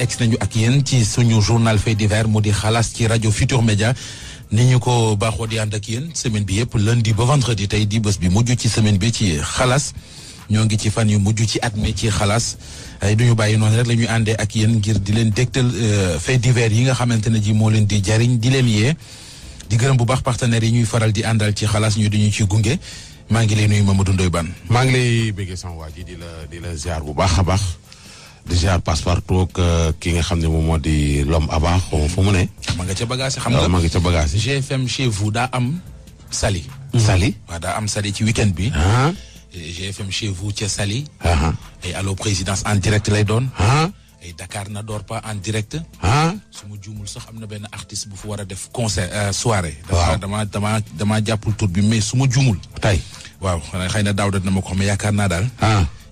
ex nañu ak yéen ci suñu journal fait divers mu di xalaas ci rajo Futur Média ni ñu ko baaxoo di ànd ak yéen semaine bi yëpp lundi ba vendredi tey di bés bi mujj ci semaine bi ci xalaas ñoo ngi ci fan yu mujj ci at mi ci xalaas ay duñu bàyyi noonu rek la ñuy àndee ak yéen ngir di leen dégtal euh, fait divers yi nga xamante ne ji moo leen di jariñ di leen yee di gërëm bu baax partenaires yi ñuy faral di àndal ci xalaas ñu diñu ci gunge maa ngi lay nuyu Mamadou Ndoye Bane maa ngi lay bëggee sama waa ji di la di la ziar bu baax a baax di ziar Passepartout euh, ak ki nga xam ne moom moo di l'homme avant xaw fu mu ne. ma ca bagage xam nga ma nga ca bagage GFM chez vous daa am Sali. Mm-hmm. Sali waaw daa am Sali ci weekend bi. Ah. GFM chez vous ca Sali. ay ah. allo présidence en direct lay doon. ay ah. Dakar na door pas en direct. su ma juumul sax am na benn artiste bu fu war a def concert euh, soirée. waaw dama dama dama jàppul tur bi mais su ma juumul. tey waaw xëy na daaw da na ma ko xam yaakaar naa daal.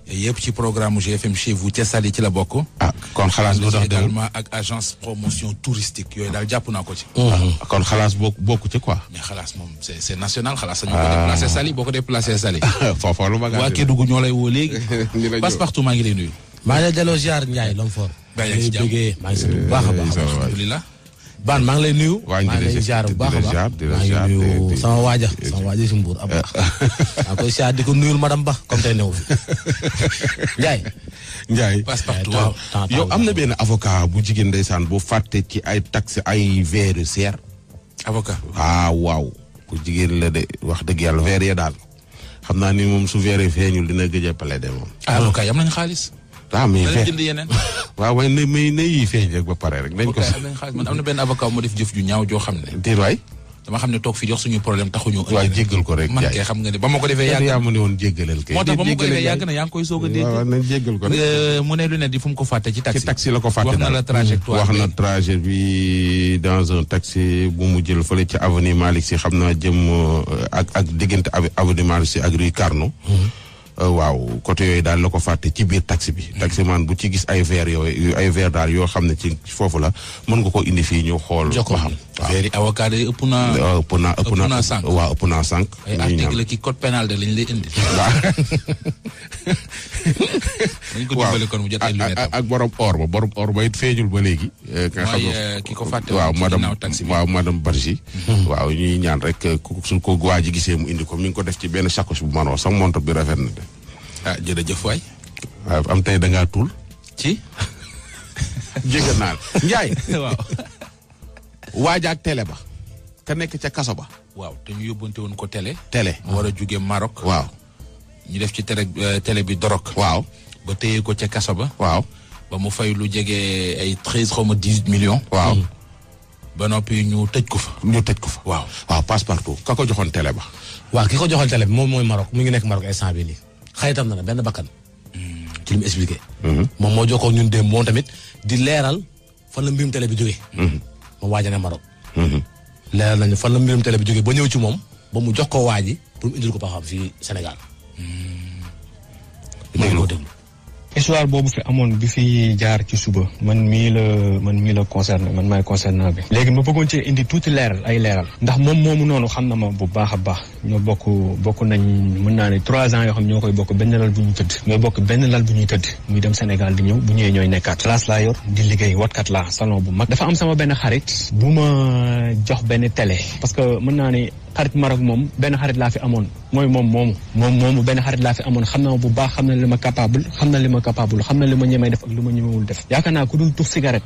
yëpp ci programme GFM chez vous ca Saly ci la bokk. ah kon xalaas lu dox également ak agence promotion touristique yooyu daal jàpp naa ko ci. Mm-hmm. Ah, kon xalaas bokk bokk ci quoi. mais xalaas moom c'est national xalaas. ñu ko déplacé ah. Saly boo ko déplacé Saly. foofa lu ma waa Kédougou ñoo lay woo léegi. passe partout maa ngi lay nuyu. maa ngi lay delloo ziar Ndiaye Lomfor. maa ngi lay bëggee maa ngi sant bu Ban maa ngi lay nuyu. waa ñu bu baax a baax sama waaja sama waaja si Mbour ab baax. maa koy siyaar di ko nuyul madame Ba comme tey newu fi. Ndiaye. Ndiaye eh, yow am na benn avocat bu jigéen ndeysaan bu fàtte ci ay taxe ay verre seer. avocat ah waaw. ku jigéen la de wax dëgg yàlla verre ya daal xam naa ni moom su verre feeñul dina gëj a palais de moom. avocat yam nañu xaalis. ah mais waaw waaye na mais na yii feeñ rek ba pare rek. nañ ko am na benn avocat mu def jëf ju ñaaw joo xam ne. déet waay. dama xam ne toog fi jox suñu problème taxuñu. waaw jéggal ko rek man kay xam nga ne ba ma ko defee. yàgg yaa mu ne woon jéggalal kay. moo tax ba ko defee yàgg na yaa ngi ko rek. Euh, mu ne lu ne di fu mu ko fàtte ci taxi. ci taxi la ko fàtte wax na la trajectoire wax na trajet bi dans un taxi bu mu jël fële ci avenue Malick si xam naa jëm euh, ak ak diggante avenue Malick si ak rue Carnot. Mhm. Euh, waaw côté yooyu daal la ko fàtte ci biir taxi bi. taxi man bu ci gis ay verre yooyu ay daal yoo xam ne ci foofu la mën nga ko indi fii ñu xool. jokkoo xam waaw verre yi avocat yi ëpp naa. Euh, ëpp naa naa sànq waaw ëpp naa sànq. ay article ki code pénal de lañ lay indi. waaw ak ak borom or ba borom or ba it feeñul ba léegi. nga xam ne ki ko fàtte waaw madame waaw madame Barji. Mhm. waaw ñuy ñaan rek euh, ku su ko waa ji mu indi ko mi ngi ko def ci benn sacoche bu manoo sax montre bi rafet na de. ah jërëjëf waay. waaw ah, am tey da ngaa tuul. ci. jéggi naa la Ndiaye. waaw. waajaak télé ba. ka nekk ca kaso ba. waaw te ñu yóbbante woon ko tele télé mu war a jugee waaw ñu def ci télé euh, télé bi dorog. waaw ba téye ko ca kaso ba. waaw ba mu fay lu jege ay treize xaw ma dix-huit millions. waaw hmm. ba noppi ñu tëj ko fa. ñu tëj ko fa waaw. waaw passe partout ka ko joxoon télé ba. waaw ki ko joxoon télé bi moom mooy Maroc mu ngi nekk Maroc instant bii xaritam na na benn bakkan. ci li mu expliqué. moom moo jox ko ñun démb moo tamit di leeral fan la mbirum télé bi jógee. moom waaj a ne Maroc. leeral nañu fan la mbirum télé bi jógee ba ñëw ci moom ba mu jox ko waaj yi pour mu indil ko ba xam fii Sénégal. histoire boobu fi amoon bi fi jaar ci suba man mii la man mii la concerné man maay concernant bi léegi ma bëggoon cee indi tuuti leeral ay leeral ndax moom moomu noonu xam na ma bu baax a baax ñoo bokk bokk nañ mën naa ne trois ans yoo xam ñoo koy bokk benn lal bu ñuy tëdd ñooy bokk benn lal bu ñuy tëdd muy dem Sénégal di ñëw bu ñëwee ñooy nekkaat place laa yor di liggéey watkat laa salon bu mag dafa am sama benn xarit bu ma jox benn télé parce que naa ne xarit bu ma ak moom benn xarit laa fi amoon mooy moom moomu benn xarit laa fi amoon xam na ma bu baax xam na li ma capable xam na li ma capable xam na li ma ñemee def ak li ma ñemewul def yaakaar naa ku dul tux cigarette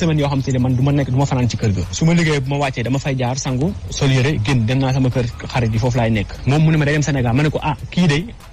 semaines yoo xam te ne man du ma nekk du ma fanaan ci kër ga su ma liggéey bu ma wàccee dama fay jaar sangu sol yére génn dem naa sama kër xarit yi foofu laay nekk moom mu ne ma dem Sénégal ma ne ko ah kii day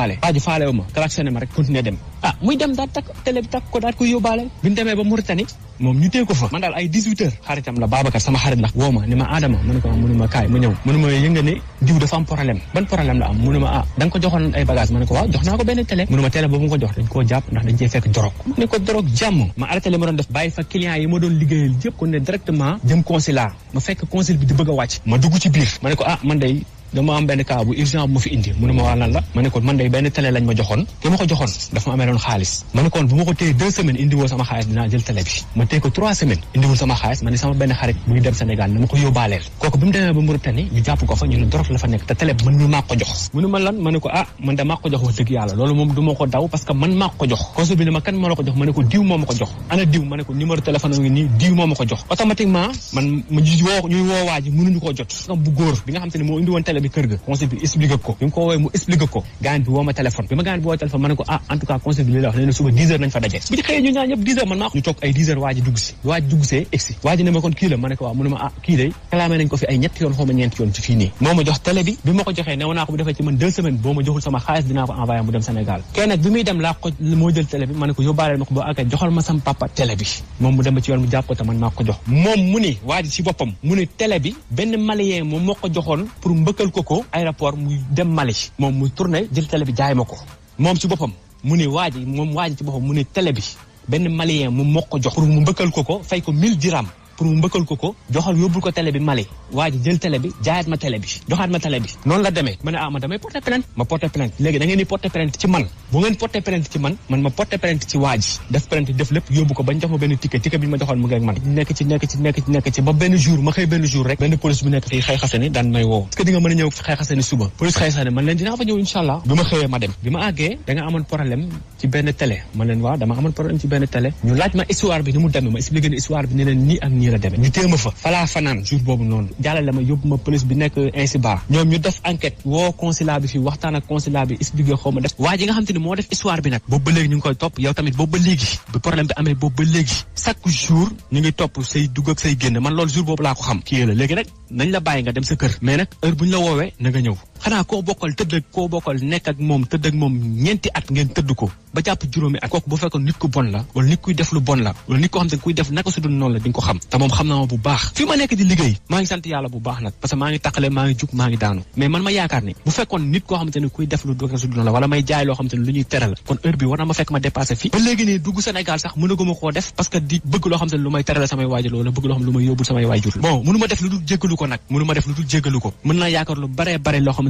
faale faale wu ma klaxonné ma rek continuer dem ah muy dem daal takk télé bi takk ko daal ko yóbbaale bi ñu demee ba Mauritanie moom ñu ko fa man daal ay 18 heures xaritam la Babacar sama xarit ndax woo ma ni ma Adama mu ne ko am mu ma kaay ma ñëw mu ma yënga ne diw dafa am problème ban problème la am mu ma ah da ko joxoon ay bagage ma ne ko waaw jox naa ko benn télé mu ma télé boobu nga ko jox dañ koo jàpp ndax dañ cee a dama ko joxoon dafa bi ma téye ma mu demee ba ñu jàpp ko fa ñu ne dorog la fa nekk te télé man mu ne ko ah moom ma ko jox consul bi diw ma ne ko numéro téléphone ngi nii diw moo ma ko jox automatiquement man ñu woo ñuy woowaaji mënuñu koo jot bu góor bi nga xam te ne moo indi woon xale bi kër ga conseil bi ko bi mu ko woowee mu expliqué ko gaan bi bi woo ma ne ah, bi ma kon kii bi bi ma bi ma ko jox moom mu ne waa bi benn malien moom moo ko joxoon pour mbëkkal jël ko ko aéroport muy dem Mali moom muy tourné jël télé bi jaay ma ko moom ci boppam mu ne waa ji moom waa ji ci boppam mu ne télé bi benn malien mu moo ko jox pour mu mbëkkal ko ko fay ko 1000 dirham pour mu mbëkkal ko ko joxal yóbbul ko télé bi Mali waa jël télé bi jaayaat ma télé bi joxaat ma télé bi noonu la demee ma ne ah man bu ngeen ma dem bi ma àggee da amoon problème ci benn télé ma leen waaw dama amoon problème ci benn télé ñu laaj ma histoire bi ni mu demee ma expliqué ne histoire bi ne leen nii ak nii nii la demee ñu téema fa falaa fanaan jour boobu noonu jàllale ma yóbbu ma police bi nekk insiba ñoom ñu def enquête woo consulat bi fii waxtaan ak consulat bi expliqué xaw def waa ji nga xam te ne moo def histoire bi nag boobu léegi ñu ngi koy topp yow tamit boobu léegi bi problème bi amee boobu léegi chaque jour ñu ngi topp say dugg ak say génn man loolu jour boobu laa ko xam kii la léegi nag nañ la bàyyi nga dem sa kër mais nag heure bu ñu xanaa koo bokkal tëdd koo bokkal nekk ak moom tëdd ak moom ñeenti at ngeen tëdd ko ba jàpp juróomi at kooku bu fekkoon nit ku bon la wala nit kuy def lu bon la wala nit koo xam te kuy def lu naka su dul la wala may jaay loo xamante ne lu ñuy tere la kon heure bi war na ma fekk ma dépassé fii ba léegi nii dugg Sénégal sax mënaguma koo def parce que di bëgg loo xamante ne lu may tere la samay waajur wala bëgg loo xam lu may yóbbul samay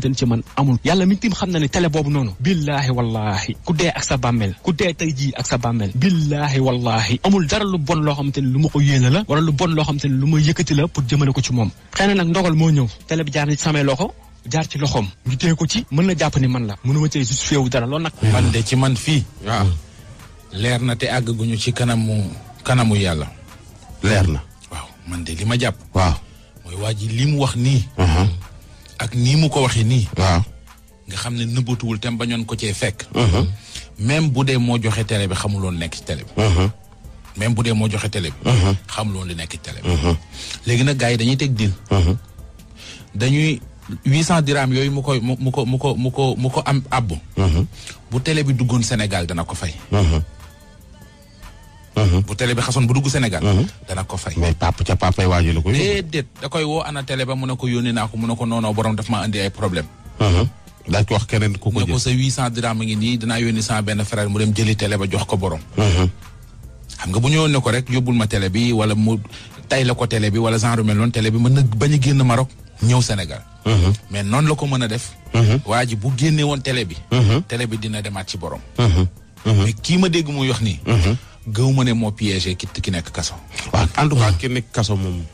xamante ni ci man amul yàlla mi tim xam na ne télé boobu noonu billaahi wallaahi ku dee ak sa bàmmeel ku dee tey jii ak sa bàmmeel billaahi wallaahi amul dara lu bon loo xam xamante ni lu ma ko yéene la wala lu bon loo xamante ni lu ma yëkkati la pour jëmale ko ci moom xëy na nag ndogal moo ñëw télé bi jaar na ci loxo jaar ci loxoom ñu téye ko ci mën na jàpp ni man la mënuma cee justifié wu dara loolu nag man de ci man fii waaw hmm. leer na te àgguñu ci kanamu kanamu yàlla leer na waaw man de ak nii mu ko waxee nii. waaw nga xam ne nëbbatuwul tam ñoon ko cee fekk. Uh-huh. même bu dee moo joxe télé bi xamuloon nekk ci télé bi. Uh-huh. même bu dee moo joxe tele bi. Uh-huh. xamuloon li nekk ci télé bi. léegi nag gars yi dañuy teg din dañuy huit cent dirham yooyu mu koy mu ko mu ko mu ko mu ko am abbu. bu tele bi duggoon Sénégal dana ko fay. Mhm. bu télé bi xasoon bu dugg Sénégal. Mhm. dana ko fay. mais pap ca papay waaju la ko yónnee. déedéet da koy woo ana télé ba mu ne ko yónnee naa ko mu ne ko noonoo borom daf maa indi mhm. ko wax keneen ku ko ko sa 800 dirham ngi nii dinaa yónni sama benn frère mu dem jëli ko borom. xam bu ñëwoon ne ko bi wala mu tay la ko télé bi wala genre mel noonu télé bi mën na bañ a génn Maroc ñëw Sénégal. mais noonu la ko mën a def. waa ji bu génne woon télé bi. télé bi dina demaat ci borom. mais kii ma dégg muy wax nii. gëw ma ne moo piégé ki ki nekk kaso. waaw en tout cas ki nekk kaso moom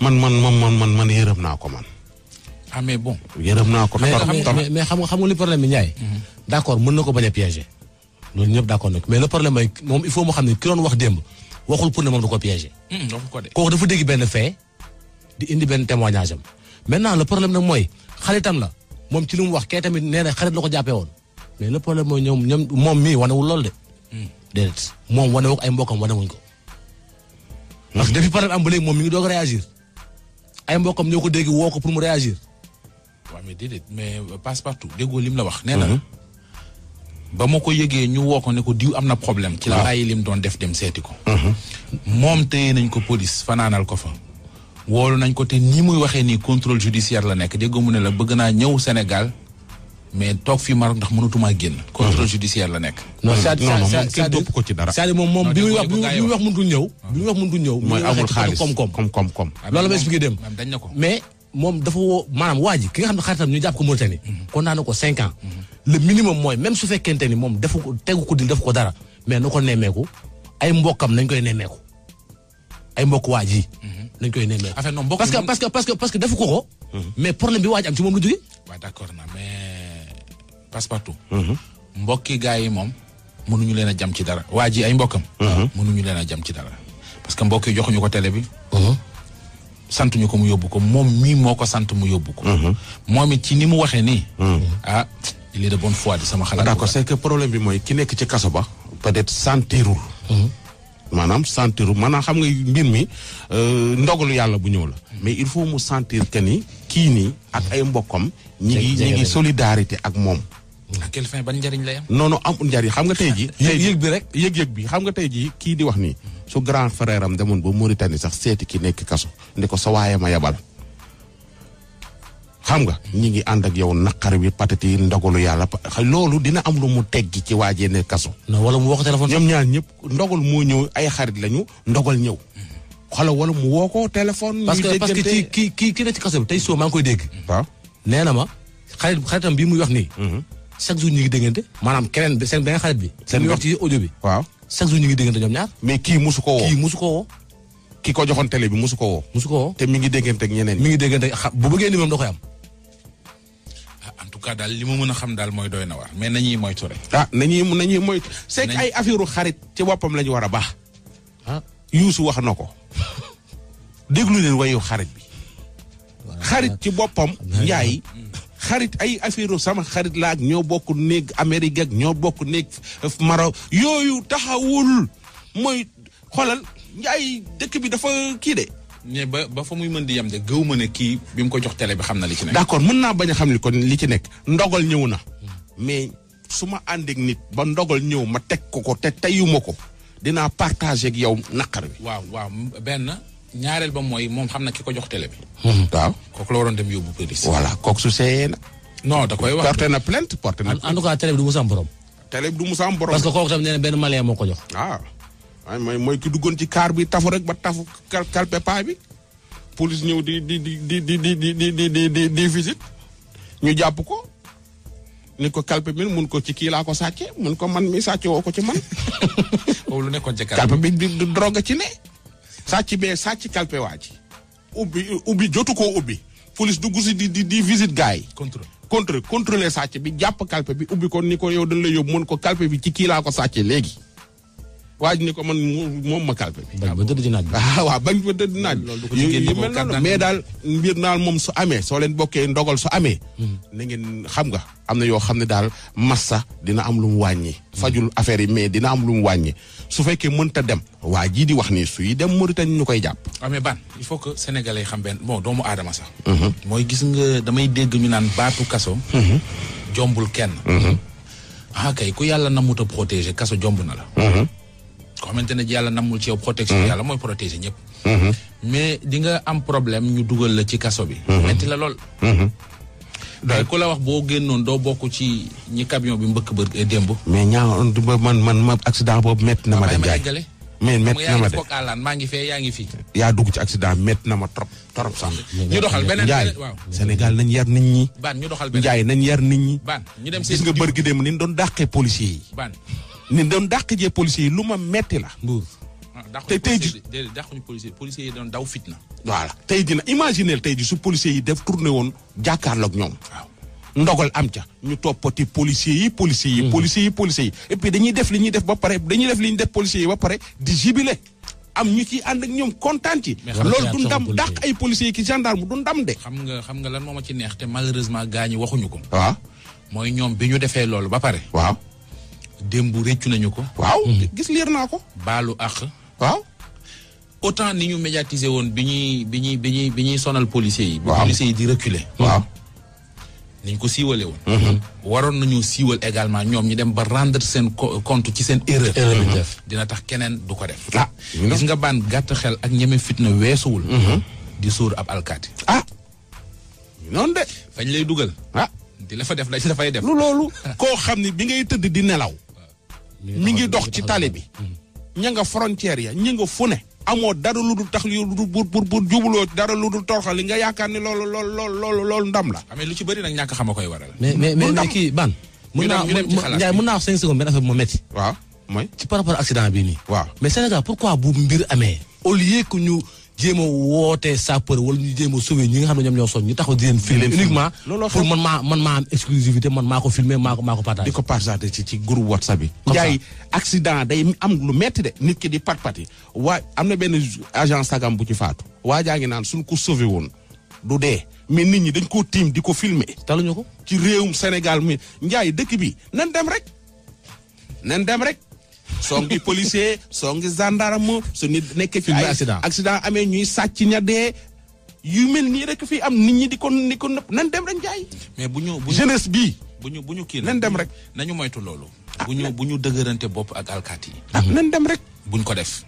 man man man man man yërëm naa ko man. ah mais bon. yërëm naa ko mais mais xam nga xam nga li problème bi Ndiaye. Mm-hmm. d' mën na ko bañ a piégé. loolu ñëpp d' accord nag mais le problème mooy moom il faut mu xam ne ki doon wax démb waxul pour ne moom mm, mooy xaritam la moom ci li mu wax kee tamit nee na xarit la ko jàppee woon mais le problème mooy ñoom moom mii wanewul loolu de. déedéet moom wane ko ay mbokkam wane wuñ ko. parce que par am ba léegi moom mi ngi doog ay mbokkam ñoo ko dégg woo ko pour mu réagir. waaw mais déedéet mais passe partout déggoo la wax. nee na mhm. ba ma ko yëgee ñu woo ko ne ko diw am na problème. ci la bàyyi lim doon def dem seeti ko. Mhm. moom téye nañ ko police fanaanal ko fa. woolu nañ ko te ni muy waxee nii contrôle judiciaire la nekk déggoo mu ne la bëgg naa ñëw Sénégal. mais toog fii Maroc ndax mënatumaa génn. Mhm. contrôle judiciaire la nekk. non non moom kenn topp ko ci dara. c'est-à-dire moom moom bi muy wax ah. bi muy wax mënutul ñëw. bi wax mënutul ñëw. mooy amul xaalis koom-koom koom-koom. Ah, loolu ko mais moom dafa woo maanaam waa ji xam ne xaritam ñu jàpp ko Mauritanie. Mhm. ko cinq ans. Mhm. le minimum mooy même su fekkente ni moom defu ko tegu ko dil defu ko dara mais na ko nemmeeku ay mbokkam nañ koy nemmeeku ay mbokk waa nañ koy nemmeeku. parce que parce que parce que defu ko ko. mais problème bi waa ji am ci moom la jógee. passe partout. Mhm. mbokki gars yi moom mënuñu leen a jam ci dara waa ji ay mbokkam. Mhm. mënuñu leen a jam ci dara. parce que mbokk yi joxuñu ko tele bi. Mhm. santu ñu ko mu yóbbu ko moom mii moo ko sant mu yóbbu ko. moom it ci ni mu waxee nii. ah il est de bonne foi sama xalaat. d'accord que problème bi mooy ki nekk ci kaso ba. peut-être sentirul. maanaam sentir maanaam xam nga mbir mi euh, ndogalu yàlla bu ñëw la mais il faut mu sentir que ni kii nii ak ay mbokkam ñi ngi ñi solidarité ak moom à quelle fin ban njariñ lay am. non njariñ xam nga tey jii. yëg bi rek yëg-yëg bi xam nga tey jii kii di wax nii. su grand frère am demoon ba Mauritanie sax seeti ki nekk kaso ne ko sa waaye ma yabal. xam nga ñi ngi ànd ak yow naqar wi patati ndogalu yàlla loolu dina am lu mu teggi ci waajee ne kaso. non wala mu woo ko téléphone. ñoom ñëpp ndogal moo ñëw ay xarit lañu ndogal ñëw. xoolal wala mu woo ko téléphone. parce que parce que ci ki ki ki ne ci kaso bi tey soo maa ngi koy dégg. waaw ah. nee na ma xarit xaritam bi muy wax nii. Mhm. chaque jour ñu ngi déggante maanaam keneen bi seen benn xarit bi seen wax ci audio bi waaw chaque jour ñu ngi déggante ñoom ñaar mais kii musu ko woo kii musu ko woo ki ko joxoon télé bi musu ko woo musu ko woo te mi ngi déggante ak ñeneen mi ngi déggante bu bëggee ni moom da koy am ah, en tout cas daal li ma mën a xam daal mooy doy na waar mais nañuy moytu rek ah nañuy nañuy moytu c'est que ay affaire xarit ci boppam la ñu war a ah Youssou wax na ko déglu leen wayu xarit bi xarit ci boppam njaay xarit ay affaire sama xarit laa ak ñoo bokk néeg Amérique ak ñoo bokk néeg mara yooyu taxawul mooy xoolal njaay dëkk bi dafa kii de. mais ba ba fa muy mën di yem de gëw ma ne kii bi mu ko jox tele bi xam na li ci nekk. d'accord mën naa bañ a xam li kon li ci nekk ndogal ñëw na. Hmm. mais su ma ànd nit ba ndogal ñëw ma teg ko ko te teyuma ko dinaa partager ak yow naqar bi. waaw waaw benn. ñaareel ba mooy moom xam na ki ko jox télé bi. waaw kooku la waroon dem yóbbu police. voilà kooku su seeyee na. non koy wax porté na plainte porté na. en tout cas télé bi du mu sam borom. télé bi du mu sam borom. parce que kooku benn malien moo ko jox. ah mooy ki duggoon ci kaar bi tafu rek ba tafu kalpe paa bi. police ñëw di di di di di di di di di di visite ñu jàpp ko ni ko kalpe bi mun ko ci kii laa ko sàcce mun ko man mi sàcce woo ko ci man. loolu nekkoon ci kalpe bi di drogue ci ne. sàcc bee sàcc kalpe waa ji ubbi ubbi jotu koo ubbi police dugg si di di di visite gars yi. contrôle contrôle contrôler sàcc bi jàpp kalpe bi ubbi ko ni ko yow dañ la yóbbu mën ko kalpe bi ci kii laa ko sàcce léegi. waaj ni ko man moom ma ba dëdd ci naaj bi ah, waaw bañ ba dëdd naaj bi mel noonu mais daal mbir naal moom su amee soo leen bokkee ndogal su amee hmm. na xam nga am na yoo xam ne daal massa dina am lu mu wàññi hmm. fajul affaire yi mais dina am lu mu wàññi su fekkee mënta dem waa jii di wax ni suy dem Mauritanie ñu koy jàpp amee ah, ban il faut que sénégalais xam benn bon doomu aadama sax hmm. mooy gis nga damay dégg ñu naan baatu kaso jombul kenn ah kay ku yàlla na mut protéger kaso jomb na la ko xamante ne yàlla namul ci yow protection mhm. yàlla mooy protéger ñëpp mhm. mais di nga am problème ñu dugal la ci kaso bi mhm. metti la lool day ku la wax boo génnoon doo bokk ci ñi camion bi mbëkk bër eh, démb mais ñaawoon du ma man man ma accident boobu métti na ma de jaay mais métti na ma maa ngi fee yaa ngi fii yaa dugg ci accident métti na ma trop trop sax ñu doxal beneen jaay waaw Sénégal nañ yar nit ñi baan ñu doxal beneen jaay nañ yar nit ñi baan ñu dem gis nga bër gi dem ni doon dàqee policiers yi ni doon dàq jee policiers yi lu ma metti la. mbuur ah, te tey ji dàquñu policiers policiers yi doon daw fitna. voilà tey ji na imaginer tey ji su policiers yi def tourné woon jàkkaarloog ñoom. waaw ndogal am ca. ñu toppati policiers yi policiers yi. Mm. policiers yi policiers yi et puis dañuy def li ñuy def ba pare dañuy def li ñu def policiers yi ba pare di jubilé. am ñu ci ànd ak ñoom kontaan ci. loolu du ndam dàq ay policiers ki gendarme du ndam de. xam nga xam nga lan moo ma ci neex te malheureusement gaañu waxuñu ko. waaw mooy ñoom bi ñu defee loolu ba pare. waaw démb réccu nañu ko. waaw gis liir naa ko. baalu àq. waaw. autant ni ñu médiatiser woon bi ñuy bi ñuy bi ñuy bi ñuy sonal policiers yi. waaw policiers yi di reculer. waaw ni ko siiwalee woon. waroon nañu siiwal également ñoom ñu dem ba rendre seen compte ci seen erreur. dina tax keneen du ko def. Ah, gis nga baan gàtt xel ak ñeme fitna weesuwul. di sóor ab alkaati. ah noonu de. fañ lay dugal. ah di la fa def la ci dafay def. lu loolu. koo xam ni bi ngay tëdd di nelaw. mu ngi dox ci tali bi. Hmm. ña nga frontière ya ña nga fu amoo dara lu dul tax lu dul bu bu bu jubuloo dara lu dul torxal li nga yaakaar ni loolu loolu loolu loolu ndam la. Ah, mais lu ci bëri nag ñàkk xam a koy waral. mais mais mais kii ban. mën naa Ndiaye mën naa wax cinq secondes benn affaire bu ma métti. waaw mooy. ci par rapport bii nii. waaw mais Sénégal pourquoi bu mbir amee. au lieu ñu. jéem a wootee sapeur wala ñu jéem a sauvé ñi nga xam ne ñoom ñoo soñ ñu tax di leen filmer uniquement pour man maa man maa am exclusivité man maa ko filmer maa ko maa ko partagé di ko partagé ci ci groupe whatsapp bi njaay accident day am lu metti de nit ki di pat pati waa am na benn agent sagam bu ci faatu waa jaa ngi naan suñ ko sauvé woon du dee mais nit ñi dañ koo tiim di ko filmer ñu ko ci réewum Sénégal mi njaay dëkk bi nan dem rek dem rek songi policier songi gendarme su nit nekkee ci ay accident amee ñuy sàcc ña dee yu mel nii rek fii am nit ñi di ko ni ko dem rek jaay mais bu ñu jeunesse bii bu ñu bu ñu kii nan dem rek nañu moytu loolu ah, bu ñu bu ñu dëgërante bopp ak alkaati yi ah, nan dem rek buñ ko def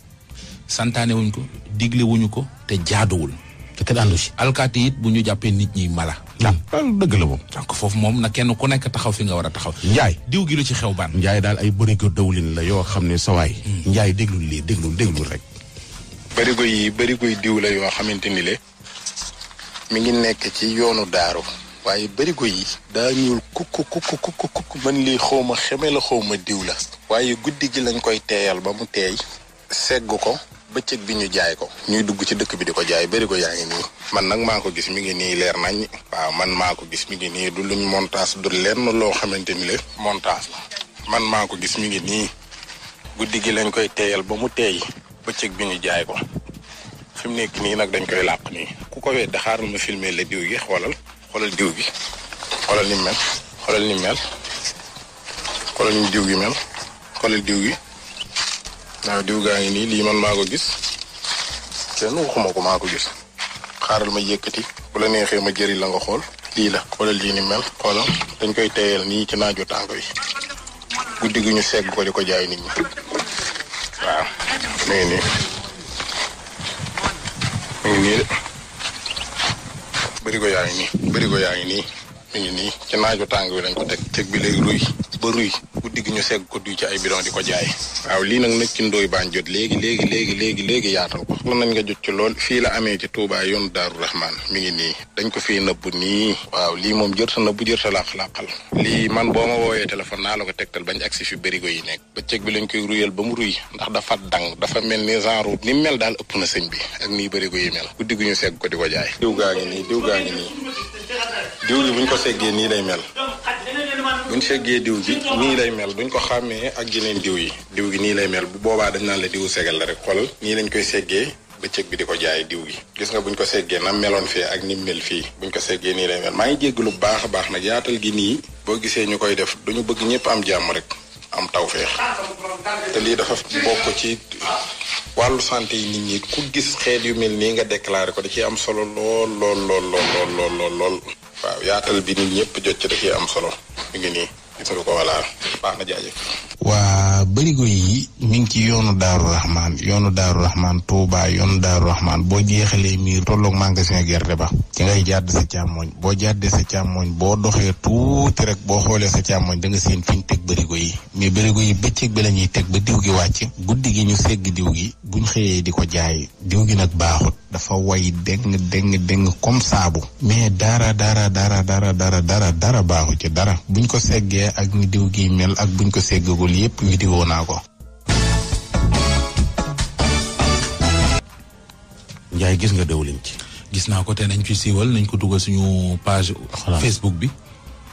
santaane wuñ ko digle wuñu ko te jaaduwul te kenn àndu si. alkaati it bu ñu jàppee nit ñi mala. Ah. dëgg la moom. donc foofu moom na kenn ku nekk taxaw fi nga war a taxaw. njaay diw gi lu ci xew baan. Ndiaye daal ay bërigo dawlin la yoo xam ne sawaay. Hmm. Ndiaye déglul lii déglul déglul rek. bërigo yi bërigo diw la yoo xamante ni le mi ngi nekk ci yoonu daaru waaye bërigo yi daa ñuul kukku kukku kukku lii xaw ma xeme la xaw ma diw la waaye guddi gi lañ koy teeyal ba mu teey segg ko bëccëg bi ñu jaay ko ñuy dugg ci dëkk bi di ko jaay bari ko yaa ngi nii man nag maa ko gis mi ngi nii leer nañ waaw man maa ko gis mi ngi nii du luñ montage du lenn loo xamante ni le montage la man maa ko gis mi ngi nii guddi gi lañ koy teeyal ba mu teey bëccëg bi ñu jaay ko fi mu nekk nii nag dañ koy làq nii ku ko wedd xaaral ma filmer la diw gi xoolal xoolal diw gi xoolal ni mel xoolal ni mel xoolal ni diw gi mel xoolal diw gi waaw diw gaa ngi nii lii man maa ko gis kenn ko maa ko gis xaaral ma yëkkati bu la ma jëri la nga xool lii la xoolal mel xoolal dañ koy teyal nii ci naajo tànk yi guddi gi ñu segg ko di ko jaay nit ñi waaw mu ngi nii mu de bërigo yaa ngi nii bërigo ni ngi nii mu ngi nii ci naaju tàng bi lañ ko teg ceg bi léegi ruy ba ruy guddi ñu seeg ko du ci ay bidon di ko jaay waaw lii nag nag ci ndooy baan jot léegi léegi léegi léegi léegi yaatal ko pour nañ nga jot ci lool fii la amee ci Touba yoon Daaru Rahman mi ngi nii dañ ko fii nëbb nii waaw lii moom jërta nëbb jërta làq-làqal lii man boo ma woowee téléphone naa la ko tegtal bañ agsi fi bérigo yi nekk bëccëg bi lañ koy ruyal ba mu ruy ndax dafa dang dafa mel ni genre ni mel daal ëpp na sëñ bi ak nii bérigo yi mel guddi gi ñu seeg ko di jaay diw gaa ngi nii diw diw gi buñ ko seggee nii lay mel buñ seggee diw bi nii lay mel duñ ko xàmmee ak yeneen diw yi diw gi nii lay mel bu boobaa dañ naan la diwu segal la rek xoolal nii lañ koy seggee bëccëg bi di ko jaay diw gi gis nga buñ ko seggee na meloon fii ak ni mel fii buñ ko seggee nii lay mel maa ngi jégg lu baax a baax nag yaatal gi nii boo gisee ñu koy def duñu bëgg ñëpp am jàmm rek am taw tawféex te lii dafa bokk ci wàllu santé yi nit ñi ku gis xeet yu mel nii nga déclaré ko da ciy am solo lool lool yaatal bi nit ñëpp jot am solo mi ngi nii di tudd ko walaal baax na jaajëf. waa bërigo yi mi ngi ci yoonu daaru rahman yoonu daaru rahman Touba yoonu daaru rahman boo jeexalee miir tolloog magasin gerte ba ci ngay jàdd sa càmmooñ boo jàddee sa càmmooñ boo doxee tuuti rek boo xoolee sa càmmooñ da nga seen fi ñu teg bërigo yi mais bërigo yi bëccëg bi la ñuy teg ba diw gi wàcc guddi gi ñu segg diw gi buñ xëyee di ko jaay diw gi nag baaxut dafa way deng deng deng comme saabu mais dara dara dara dara dara dara dara baaxut ci dara buñ ko seggee ak ni diw gi mel ak buñ ko seggagul yépp yittewoo naa ko. gis nga dawlin ci. gis naa ko te nañ ci siiwal nañ ko dugal suñu page. Facebook bi.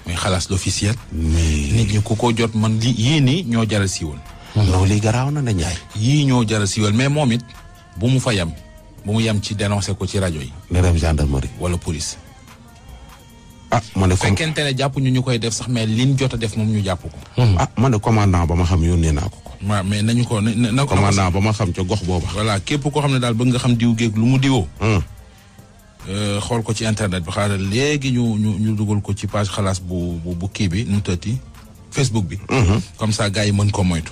muy xalaas l'officiel. nit ñi ku ko jot man li yii ni ñoo jaral siiwal. Hmm. loolu lii garaaw na ne yii ñoo jaral siiwal mais moom it bu mu fa yam bu mu yam ci dénoncé ko ci rajo yi. ndërëm gendarmerie. wala police. ah man de. fekkente ne jàpp ñu ñu koy def sax mais liñ jot def moom ñu jàpp ko. Hmm. ah man de commandant ba ma xam yónnee naa ko. waaw mais nañu ko na ko. commandant ba ma xam ca gox booba. voilà képp koo xam ne daal bëgg nga xam diw géeg lu mu diwoo. Hmm. Euh, xool ko ci internet bi xaaral léegi ñu ñu ñu dugal ko ci page xalaas bu bu bu kii bi nu mu tëtti Facebook bi. Hmm. comme ça gars yi mën koo moytu.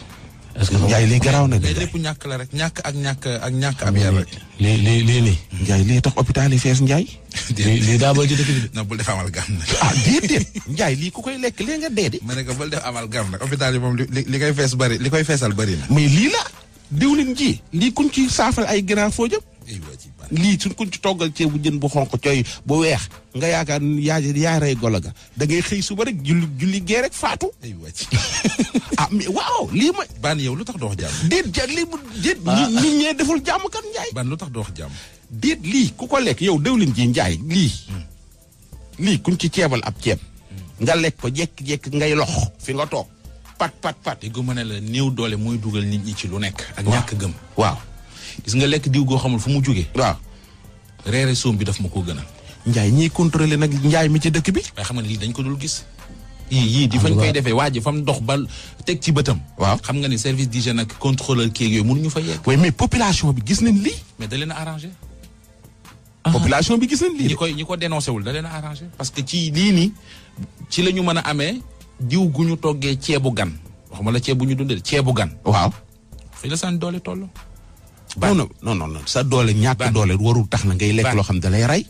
est-ce que Ndiaye lii garaaw na de. lépp ñàkk la rek ñàkk ñàkk ak ñàkk ab yar rek. lii lii lii nii. Ndiaye lii tax hôpital yi fees Ndiaye. lii daa bëri ci dëkk bi. non bul def amal gam nag. ah ku koy lekk lee nga dee de. ma ne ko bul def amal gam nag hôpital yi moom li li koy fees bari li koy feesal bari na. mais lii la diwlin ji lii kuñ ci saafara ay grand foo jëm. lii suñ ko ci toggal bu jën bu xonq cooy bu weex nga yaakaar yaa yaa rey golo ga da ngay xëy suba rek julli julli gee rek faatu. ah mais waaw lii ma. ban yow lu tax doo jàmm. déet ja lii mu déet. nit ah. ñee deful jàmm kan ban lu tax doo wax jàmm. déet ku ko lekk yow dëwlin ji njaay lii. Hmm. lii kuñ ci ceebal ab ceeb. Hmm. nga lekk ko jekk-jekk ngay lox fi nga toog pat pat pat. di ko mën a la néew doole mooy dugal nit ñi ci lu nekk. ak ñàkk gëm waaw. gis nga lekk diw goo xamul fu mu jógee. waaw reere soom bi daf ma koo gënal. njaay ñiy contrôler nag njaay mi ci dëkk bi. waaye xam nga lii dañ ko dul gis. yii di fañ koy defee waa fam dox ba teg ci bëtam. waaw xam nga ni service d'hygiène ak contrôleur kii yooyu ñu fa yegg. oui mais population bi gis nañ lii. mais da leen a arrangé. Ah. bi gis nañ lii. ñi koy ñi ko dénoncé wul da leen arrangé. parce que ci lii nii ci la ñu mën a amee diw gu ñu toggee ceebu gan waxuma la ceeb bu ñu dundee ceebu gan. waaw fii la seen doole no non non sa doole ñàkk doole warul tax na ngay lekk loo xam da lay rey